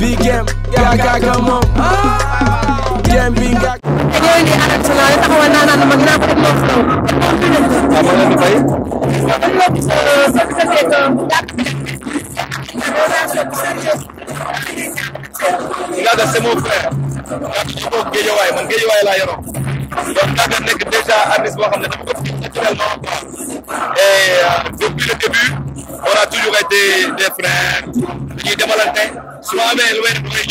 bi gem gaagaga moom gem bi gaag ñooy ni arène nationale taxawal naa naan mag naa ko def loolu flow waaw moo leen di fay dañ la gis sa bi sa seeg Ndiaga c'est mon frère ndax su ko géejawaay man géejawaay laa yoroo donc Ndiaga nekk déjà artiste boo xam ne dama ko fi naturellement quoi et depuis le début toujours été des frères dañuy demalante su ma amee lu may def damay ñëw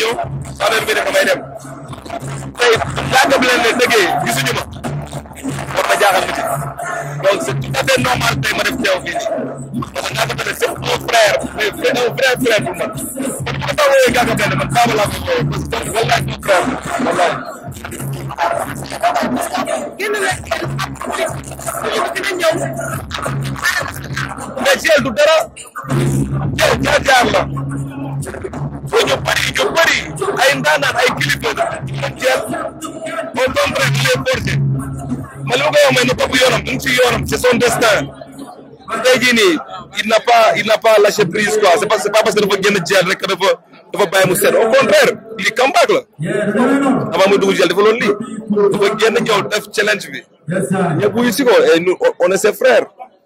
su ma amee lu may def damay dem tey yàgg bi leen ne dëggee gisuñu ma war na jaaxal nit donc c' est tout à fait normal tey ma def teew fii nii parce que Ngaaka Blindé c' est mon frère mais un vrai frère pour man man bu ma saa wooyee Ngaaka Blindé man Baba laa ko wooyee parce que man wallaay mon frère wallaay. mais Thiel du dara. jaar jaar la ba ñu bëri ñu bëri ay ndaanaan ay kilifa la jël moom moom rek lay porté ma li ma koy wax mooy yoonam ngi yoonam c'est son destin tey jii il n'a pas il n'a pas lâché prise quoi c'est pas c'est pas parce que dafa génn jël rek dafa dafa bàyyi mu set au contraire lii comeback la avant muy dugg jël dafa loolu lii dafa génn ñëw def challenge bi ñëpp wuyu si ko et nous on est ses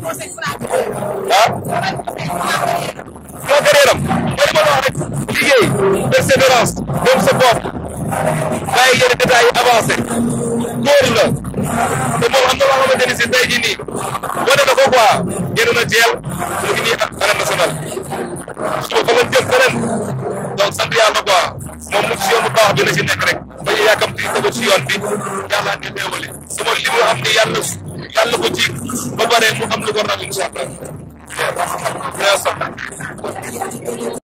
ah carrière am mooy ma wax rek liggéey persévérance gëm sa bopp bàyyi yenn a yi avancé góor la te moom am si tey jii nii wane ko quoi génn na jeel mu ngi nii ak arène nationale suba fa la jëm feneen donc sant yàlla quoi moom mu si yoon bu baax bi la si nekk rek ba ñu yàkkamti tegu si yoon bi yàlla di teewale sama li mu am ni yàlla su yàlla ko ci ba pare mu am lu ko ragal ci après.